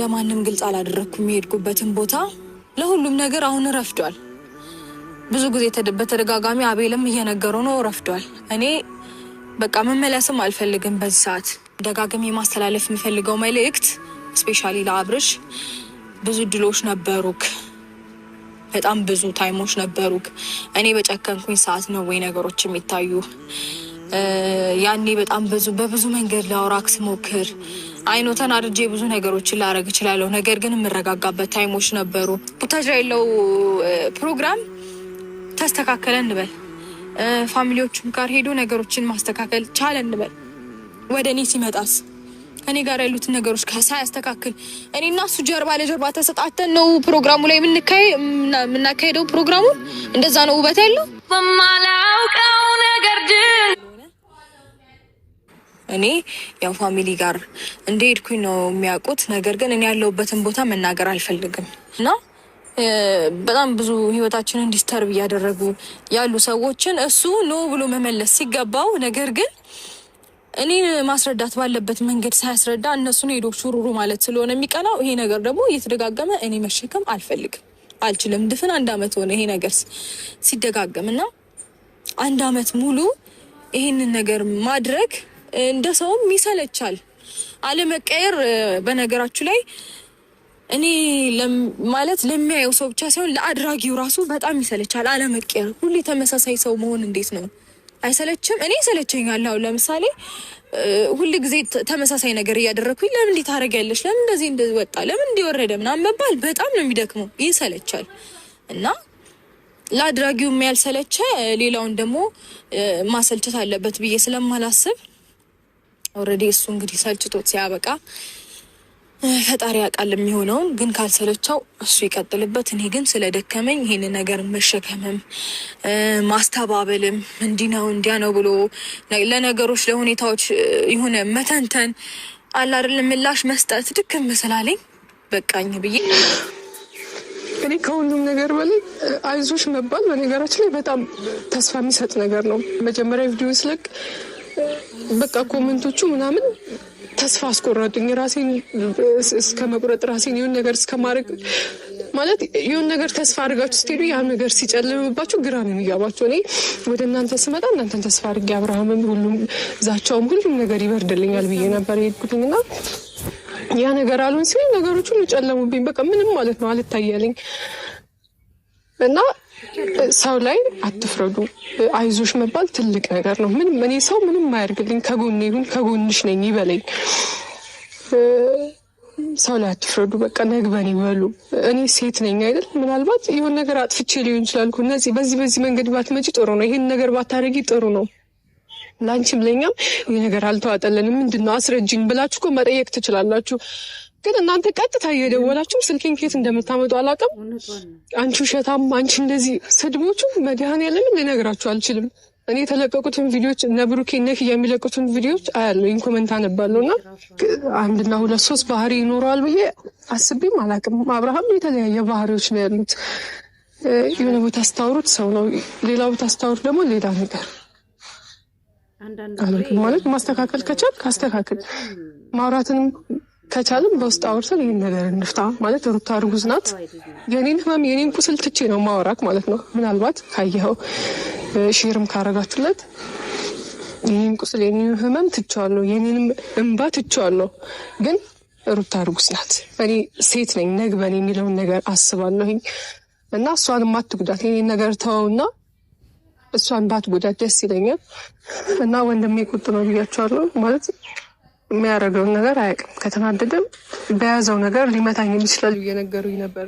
ለማንም ግልጽ አላደረግኩ የሚሄድኩበትን ቦታ። ለሁሉም ነገር አሁን ረፍዷል። ብዙ ጊዜ በተደጋጋሚ አቤልም እየነገረው ነው ረፍዷል። እኔ በቃ መመለስም አልፈልግም። በዚህ ሰዓት ደጋግሜ ማስተላለፍ የሚፈልገው መልእክት ስፔሻሊ ለአብርሽ ብዙ ድሎች ነበሩክ፣ በጣም ብዙ ታይሞች ነበሩክ። እኔ በጨከንኩኝ ሰዓት ነው ወይ ነገሮች የሚታዩ? ያኔ በጣም ብዙ በብዙ መንገድ ላውራክ ሞክር አይኖተን አድርጄ ብዙ ነገሮችን ላረግ እችላለሁ። ነገር ግን የምረጋጋበት ታይሞች ነበሩ። ቡታጅራ ያለው ፕሮግራም ተስተካከለ እንበል፣ ፋሚሊዎቹም ጋር ሄዶ ነገሮችን ማስተካከል ቻለ እንበል። ወደ እኔ ሲመጣስ እኔ ጋር ያሉትን ነገሮች ሳያስተካክል እኔ እና እሱ ጀርባ ለጀርባ ተሰጣተን ነው ፕሮግራሙ ላይ የምናካሄደው። ፕሮግራሙን እንደዛ ነው ውበት ያለው በማላውቀው ነገር እኔ ያው ፋሚሊ ጋር እንደሄድኩኝ ነው የሚያውቁት። ነገር ግን እኔ ያለሁበትን ቦታ መናገር አልፈልግም እና በጣም ብዙ ህይወታችንን ዲስተርብ እያደረጉ ያሉ ሰዎችን እሱ ኖ ብሎ መመለስ ሲገባው፣ ነገር ግን እኔን ማስረዳት ባለበት መንገድ ሳያስረዳ እነሱን ሄዶ ሹሩሩ ማለት ስለሆነ የሚቀናው ይሄ ነገር ደግሞ እየተደጋገመ እኔ መሸከም አልፈልግም፣ አልችልም። ድፍን አንድ አመት ሆነ ይሄ ነገር ሲደጋገም እና አንድ አመት ሙሉ ይህንን ነገር ማድረግ እንደ ሰውም ይሰለቻል። አለመቀየር በነገራችሁ ላይ እኔ ማለት ለሚያየው ሰው ብቻ ሳይሆን ለአድራጊው ራሱ በጣም ይሰለቻል። አለመቀየር ሁሌ ተመሳሳይ ሰው መሆን እንዴት ነው? አይሰለችም? እኔ ይሰለቸኛል። አሁን ለምሳሌ ሁል ጊዜ ተመሳሳይ ነገር እያደረግኩኝ ለምን እንዲህ ታደርጊያለሽ? ለምን እንደዚህ እንደወጣ፣ ለምን እንዲወረደ ምናምን መባል በጣም ነው የሚደክመው፣ ይሰለቻል እና ለአድራጊው የሚያልሰለቸ ሌላውን ደግሞ ማሰልቸት አለበት ብዬ ስለማላስብ ኦልሬዲ እሱ እንግዲህ ሰልችቶት ሲያበቃ ፈጣሪ ያውቃል የሚሆነውን። ግን ካልሰለቸው እሱ ይቀጥልበት። እኔ ግን ስለደከመኝ ይሄን ነገር መሸከምም ማስተባበልም እንዲህ ነው እንዲያ ነው ብሎ ለነገሮች ለሁኔታዎች የሆነ መተንተን አላርል ምላሽ መስጠት ድክም ስላለኝ በቃኝ ብዬ እኔ ከሁሉም ነገር በላይ አይዞሽ መባል በነገራችን ላይ በጣም ተስፋ የሚሰጥ ነገር ነው። መጀመሪያ ቪዲዮ ስለቅ በቃ ኮመንቶቹ ምናምን ተስፋ አስቆረጡኝ። ራሴን እስከ መቁረጥ ራሴን የሆን ነገር እስከማድረግ ማለት የሆን ነገር ተስፋ አድርጋችሁ ስትሄዱ ያ ነገር ሲጨልምባችሁ ግራ ነው የሚገባችሁ። እኔ ወደ እናንተ ስመጣ እናንተን ተስፋ አድርጌ አብርሃምም ሁሉም ዛቻውም ሁሉም ነገር ይበርድልኛል ብዬ ነበር የሄድኩትኝና ያ ነገር አሉን ሲሆን ነገሮች ሁሉ ጨለሙብኝ። በቃ ምንም ማለት ነው አልታያለኝ እና ሰው ላይ አትፍረዱ። አይዞሽ መባል ትልቅ ነገር ነው። ምንም እኔ ሰው ምንም አያደርግልኝ ከጎን ይሁን ከጎንሽ ነኝ ይበለኝ። ሰው ላይ አትፍረዱ። በቃ ነግበን ይበሉ። እኔ ሴት ነኝ አይደል? ምናልባት ይሁን ነገር አጥፍቼ ሊሆን ይችላል። እነዚህ በዚህ በዚህ መንገድ ባትመጪ ጥሩ ነው፣ ይሄን ነገር ባታደርጊ ጥሩ ነው ለአንቺም ለኛም ይህ ነገር አልተዋጠለንም ምንድን ነው አስረጅኝ ብላችሁ እኮ መጠየቅ ትችላላችሁ። ግን እናንተ ቀጥታ እየደወላችሁ ስልኬን ኬት እንደምታመጡ አላውቅም። አንቺ ውሸታም፣ አንቺ እንደዚህ ስድቦቹ መድኃኔዓለምን ልነግራችሁ አልችልም። እኔ የተለቀቁትን ቪዲዮዎች እነ ብሩኬ ነክ ኪያ የሚለቁትን ቪዲዮዎች አያለሁኝ፣ ኮመንት አነባለሁ እና አንድና ሁለት ሶስት ባህሪ ይኖረዋል ብዬ አስቤም አላውቅም። አብርሃም የተለያየ ባህሪዎች ነው ያሉት። የሆነ ቦታ አስታውሩት ሰው ነው፣ ሌላ ቦታ አስታውሩት ደግሞ ሌላ ነገር አመልክ ማለት ማስተካከል ከቻል ካስተካከል ማውራትንም ከቻልም በውስጥ አውርተን ይህን ነገር እንፍታ ማለት ሩታ እርጉዝ ናት። የኔን ህመም የኔን ቁስል ትቼ ነው ማወራክ ማለት ነው። ምናልባት ካየኸው ሼርም ካረጋችሁለት ይህን ቁስል የኔን ህመም ትቼዋለሁ፣ የኔንም እንባ ትቼዋለሁ። ግን ሩታ እርጉዝ ናት፣ እኔ ሴት ነኝ፣ ነግበን የሚለውን ነገር አስባለሁኝ እና እሷን ማትጉዳት ይህን ነገር ተወውና እሷን ባትጎዳት ደስ ይለኛል። እና ወንድሜ ቁጥ ነው ብያቸዋለሁ። ማለት የሚያደርገውን ነገር አያውቅም። ከተናደደም በያዘው ነገር ሊመታኝ የሚችላል እየነገሩኝ ነበር፣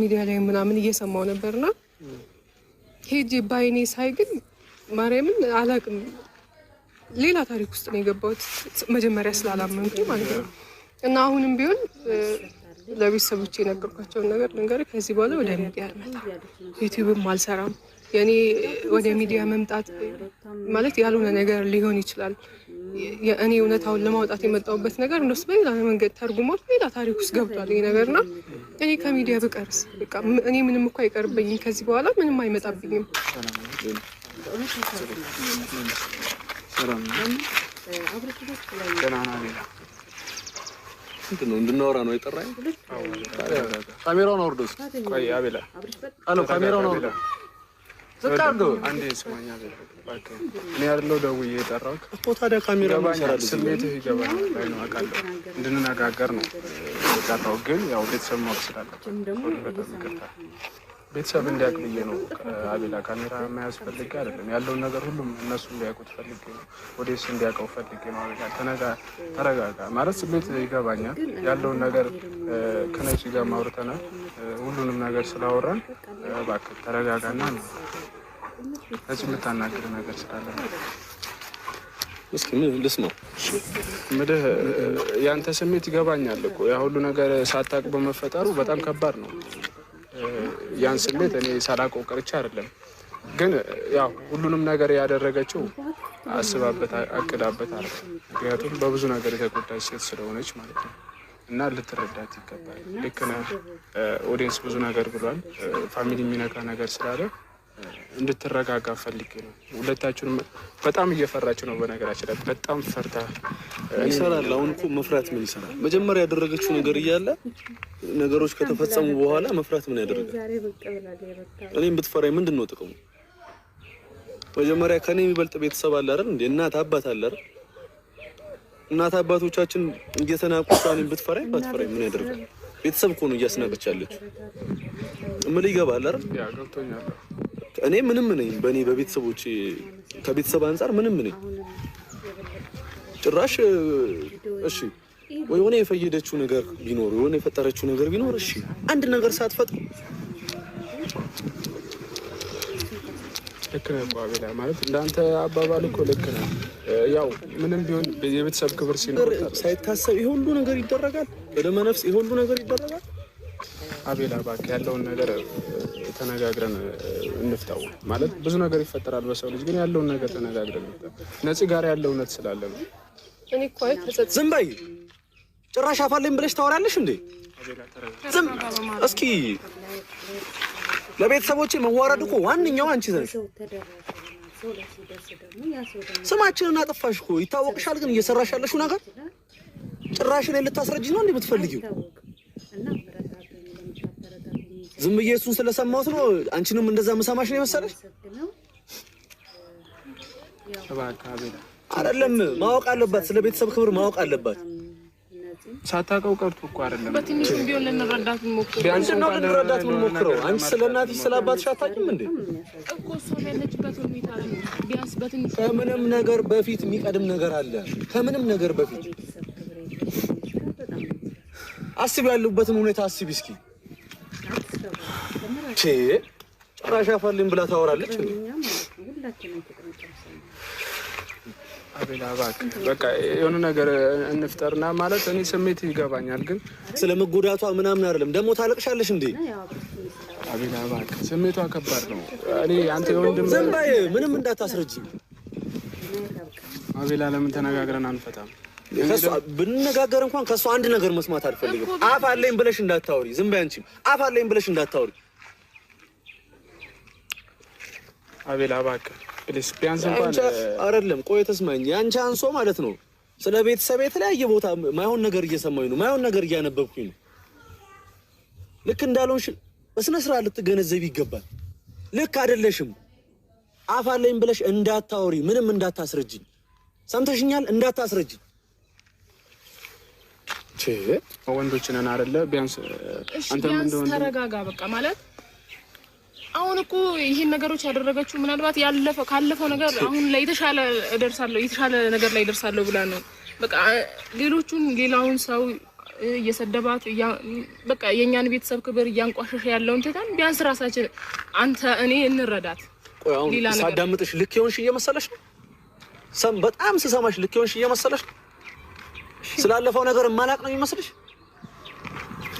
ሚዲያ ላይ ምናምን እየሰማው ነበርና ሄጄ ባይኔ ሳይ ግን ማርያምን አላውቅም፣ ሌላ ታሪክ ውስጥ ነው የገባሁት መጀመሪያ ስላላመንኩ ማለት ነው። እና አሁንም ቢሆን ለቤተሰቦች የነገርኳቸውን ነገር ልንገር፣ ከዚህ በኋላ ወደ ሚዲያ አልመጣም፣ ዩቲዩብም አልሰራም የእኔ ወደ ሚዲያ መምጣት ማለት ያልሆነ ነገር ሊሆን ይችላል። እኔ እውነታውን ለማውጣት የመጣሁበት ነገር እንደሱ በሌላ መንገድ ተርጉሞት ሌላ ታሪክ ውስጥ ገብቷል ይሄ ነው። እኔ ከሚዲያ ብቀርስ በቃ እኔ ምንም እኮ አይቀርብኝም። ከዚህ በኋላ ምንም አይመጣብኝም። እንድናወራ ነው የጠራኝ? ካሜራውን አውርዶ ካሜራውን አውርዶ አንዴ ስማኝ፣ ያለው ደውዬ የጠራሁት እኮ ነው አውቃለሁ፣ እንድንነጋገር ነው የጠራሁት። ግን ያው ቤተሰብ ማወቅ ስላለበት ቤተሰብ እንዲያውቅ ብዬ ነው። አቤላ ካሜራ መያዝ ፈልጌ አይደለም። ያለውን ነገር ሁሉም እነሱ እንዲያውቁት ፈልጌ ነው። ወዴስ እንዲያውቀው ፈልጌ ነው። አቤላ ተነጋ፣ ተረጋጋ ማለት ስሜት ይገባኛል። ያለውን ነገር ከነጭ ጋር ማውርተናል። ሁሉንም ነገር ስላወራን እባክህ ተረጋጋና ነው እዚህ የምታናግር ነገር ስላለ እስኪ ልስማው። ምድህ ያንተ ስሜት ይገባኛል እኮ ያ ሁሉ ነገር ሳታውቅ በመፈጠሩ በጣም ከባድ ነው። ያን ስሜት እኔ ሳላውቀው ቀርቼ አይደለም። ግን ያው ሁሉንም ነገር ያደረገችው አስባበት አቅዳበት አለ። ምክንያቱም በብዙ ነገር የተጎዳች ሴት ስለሆነች ማለት ነው እና ልትረዳት ይገባል። ልክ ነህ። ኦዲየንስ ብዙ ነገር ብሏል። ፋሚሊ የሚነካ ነገር ስላለ እንድትረጋጋ ፈልጌ ነው። ሁለታችሁን በጣም እየፈራችሁ ነው። በነገራችን ላይ በጣም ፈርታ ይሰራል። አሁን እኮ መፍራት ምን ይሰራል? መጀመሪያ ያደረገችው ነገር እያለ ነገሮች ከተፈጸሙ በኋላ መፍራት ምን ያደርጋል? እኔም ብትፈራኝ ምንድን ነው ጥቅሙ? መጀመሪያ ከኔ የሚበልጥ ቤተሰብ አለ አይደል እንዴ? እናት አባት አለ አይደል? እናት አባቶቻችን እየተናቁ እኔም ብትፈራኝ ባትፈራኝ ምን ያደርጋል? ቤተሰብ እኮ ነው እያስናቀች ያለችው። ምን ይገባል አይደል? እኔ ምንም ነኝ፣ በእኔ በቤተሰቦች ከቤተሰብ አንጻር ምንም ነኝ። ጭራሽ እሺ ወይ የሆነ የፈየደችው ነገር ቢኖር የሆነ የፈጠረችው ነገር ቢኖር እሺ፣ አንድ ነገር ሳትፈጥር ልክ ነህ አቤላ። ማለት እንዳንተ አባባል እኮ ልክ ነህ። ያው ምንም ቢሆን የቤተሰብ ክብር ሲኖር ሳይታሰብ ይሄ ሁሉ ነገር ይደረጋል። በደመ ነፍስ ይሄ ሁሉ ነገር ይደረጋል። አቤላ እባክህ ያለውን ነገር ተነጋግረን እንፍታው ማለት ብዙ ነገር ይፈጠራል በሰው ልጅ ግን ያለውን ነገር ተነጋግረን ነፂ ጋር ያለው እውነት ስላለ ነው። እኔ እኮ ዝም በይ። ጭራሽ አፋለኝ ብለሽ ታወራለሽ እንዴ? ዝም እስኪ ለቤተሰቦች መዋረድ እኮ ዋነኛው አንቺ ዘንድ ስማችንን አጠፋሽ እኮ ይታወቅሻል። ግን እየሰራሽ ያለሽው ነገር ጭራሽ እኔን ልታስረጅ ነው እንዴ የምትፈልጊው? ዝም ብዬ እሱን ስለሰማሁት ነው። አንቺንም እንደዛ መሰማሽ ነው የመሰለሽ? አይደለም፣ ማወቅ አለባት። ስለ ቤተሰብ ክብር ማወቅ አለባት። ሳታውቀው ቀርቶ እኮ አይደለም። በትንሹም ቢሆን ልንረዳት እንሞክረው። ምንድን ነው ልንረዳት እንሞክረው? አንቺ ስለ እናትሽ ስለ አባትሽ አታውቂም እንዴ? ከምንም ነገር በፊት የሚቀድም ነገር አለ። ከምንም ነገር በፊት አስቢ፣ ያሉበትን ሁኔታ አስቢ እስኪ ጭራሽ አፋልኝ ብላ ታወራለች። አቤላ እባክህ በቃ የሆነ ነገር እንፍጠርና ማለት እኔ ስሜት ይገባኛል፣ ግን ስለ መጎዳቷ ምናምን አይደለም። ደግሞ ታለቅሻለሽ እንዴ? አቤላ እባክህ ስሜቷ ከባድ ነው። እኔ አንተ የወንድም ዝም በይ፣ ምንም እንዳታስረጂ። አቤላ ለምን ተነጋግረን አንፈታም? ብንነጋገር እንኳን ከእሷ አንድ ነገር መስማት አልፈልግም። አፍ አለኝ ብለሽ እንዳታወሪ። ዝም በይ አንቺም አፍ አለኝ ብለሽ እንዳታወሪ አቤላ እባክህ ፕሊስ፣ ቢያንስ እንኳን አይደለም። ቆይ ተስማኝ፣ ያንቺ አንሶ ማለት ነው። ስለ ቤተሰብ የተለያየ ቦታ ማይሆን ነገር እየሰማኝ ነው፣ ማይሆን ነገር እያነበብኩኝ ነው። ልክ እንዳልሆንሽ በስነ ስርዓት ልትገነዘብ ይገባል። ልክ አይደለሽም። አፍ አለኝ ብለሽ እንዳታወሪ፣ ምንም እንዳታስረጅኝ። ሰምተሽኛል? እንዳታስረጅኝ። ወንዶች ነን አይደለ? ቢያንስ አንተ ምን እንደሆነ ተረጋጋ፣ በቃ ማለት አሁን እኮ ይህን ነገሮች ያደረገችው ምናልባት ያለፈው ካለፈው ነገር አሁን ላይ የተሻለ እደርሳለሁ የተሻለ ነገር ላይ እደርሳለሁ ብላ ነው። በቃ ሌሎቹን ሌላውን ሰው እየሰደባት በቃ የእኛን ቤተሰብ ክብር እያንቋሸሸ ያለውን ትታን ቢያንስ ራሳችን አንተ እኔ እንረዳት። ሳዳምጥሽ ልክ የሆንሽ እየመሰለሽ ነው። በጣም ስሰማሽ ልክ የሆንሽ እየመሰለሽ ነው። ስላለፈው ነገር የማላቅ ነው የሚመስልሽ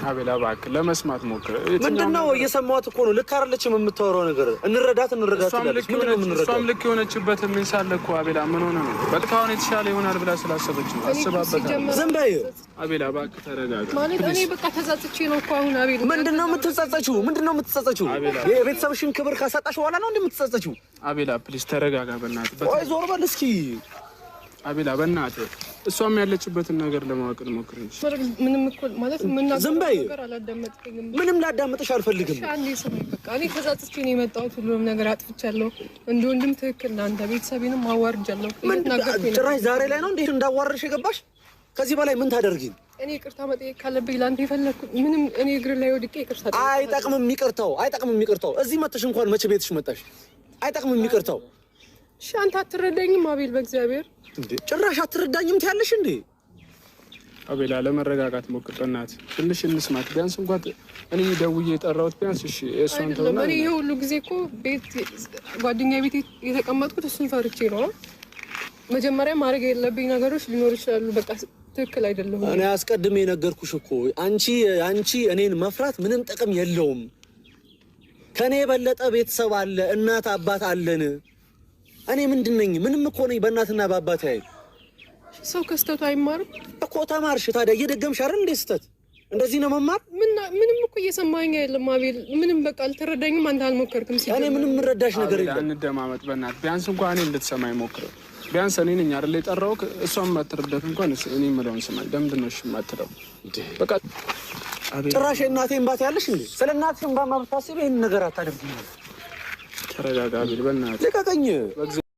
ሀቤላ እባክህ ለመስማት ሞክር። ምንድን ነው እየሰማሁት እኮ ነው። ልክ አይደለችም የምታወራው ነገር። እንረዳት እንረዳት እሷም ልክ የሆነችበት ምን ሳለ እኮ አቤላ ምን ሆነ ነው በቃ አሁን የተሻለ ይሆናል ብላ ስላሰበች ነው። አስባበታለሁ። ዝም በይ አቤላ እባክህ ተረጋጋ። ማለት እኔ በቃ ተጸጽቼ ነው እኮ አሁን። አቤላ ምንድን ነው የምትጸጸችው? ምንድን ነው የምትጸጸችው? የቤተሰብሽን ክብር ካሳጣሽ በኋላ ነው እንደምትጸጸችው። አቤላ ፕሊስ ተረጋጋ በእናትህ። ቆይ ዞር በል እስኪ አቤላ በእናትህ እሷም ያለችበትን ነገር ለማወቅ እንሞክር እንጂ ምንም እኮ ማለት ምን ዝም በይ። ምንም ላዳመጥሽ አልፈልግም። እኔ ተጸጽቼ ነው የመጣሁት። ሁሉም ነገር አጥፍቻለሁ። እንደ ወንድም ትክክል ለአንተ ቤተሰቤንም አዋርጃለሁ። ጭራሽ ዛሬ ላይ ነው እንዴት እንዳዋርሽ የገባሽ? ከዚህ በላይ ምን ታደርጊኝ? እኔ ይቅርታ መጠየቅ ካለብኝ ለአንተ የፈለግኩት ምንም እኔ እግር ላይ ወድቄ ይቅርታ አይጠቅምም። ይቅርታው አይጠቅምም። ይቅርታው እዚህ መጥተሽ እንኳን መቼ ቤትሽ መጣሽ? አይጠቅምም ይቅርታው እሺ አንተ አትረዳኝም አቤል፣ በእግዚአብሔር እንዴ! ጭራሽ አትረዳኝም ትያለሽ እንዴ? አቤላ ለመረጋጋት ሞክር፣ በእናትህ ትንሽ እንስማት። ቢያንስ እንኳን እኔ ደውዬ የጠራሁት ቢያንስ እሺ፣ እሷን ተውና። እኔ ይሄ ሁሉ ጊዜ እኮ ቤት ጓደኛ ቤት የተቀመጥኩት እሱን ፈርቼ ነው። መጀመሪያ ማድረግ የለብኝ ነገሮች ሊኖር ይችላሉ። በቃ ትክክል አይደለም። እኔ አስቀድሜ የነገርኩሽ እኮ አንቺ አንቺ እኔን መፍራት ምንም ጥቅም የለውም። ከእኔ የበለጠ ቤተሰብ አለ፣ እናት አባት አለን። እኔ ምንድን ነኝ? ምንም እኮ ነኝ። በእናትና በአባት ያዩ ሰው ከስተቱ አይማርም እኮ ተማርሽ። ታዲያ እየደገምሽ አይደል እንዴ? ስተት እንደዚህ ነው መማር። ምንም እኮ እየሰማኝ አይደለም አቤል። ምንም በቃ አልተረዳኝም። አንተ አልሞከርክም ሲ እኔ ምንም ምረዳሽ ነገር የለም። አንደማመጥ በእናት ቢያንስ እንኳ እኔ እንድትሰማኝ ሞክረ። ቢያንስ እኔ ነኝ አይደል የጠራሁህ። እሷን የማትረዳት እንኳን እኔ የምለውን ስማኝ። ለምንድን ነው እሺ የማትለው? በቃ ጭራሽ እናቴ እምባ ያለሽ እንዴ? ስለ እናትሽ እምባማ ብታስብ ይህን ነገር አታደርግም። ተረጋጋ ቢል በእናትህ ልቀቀኝ።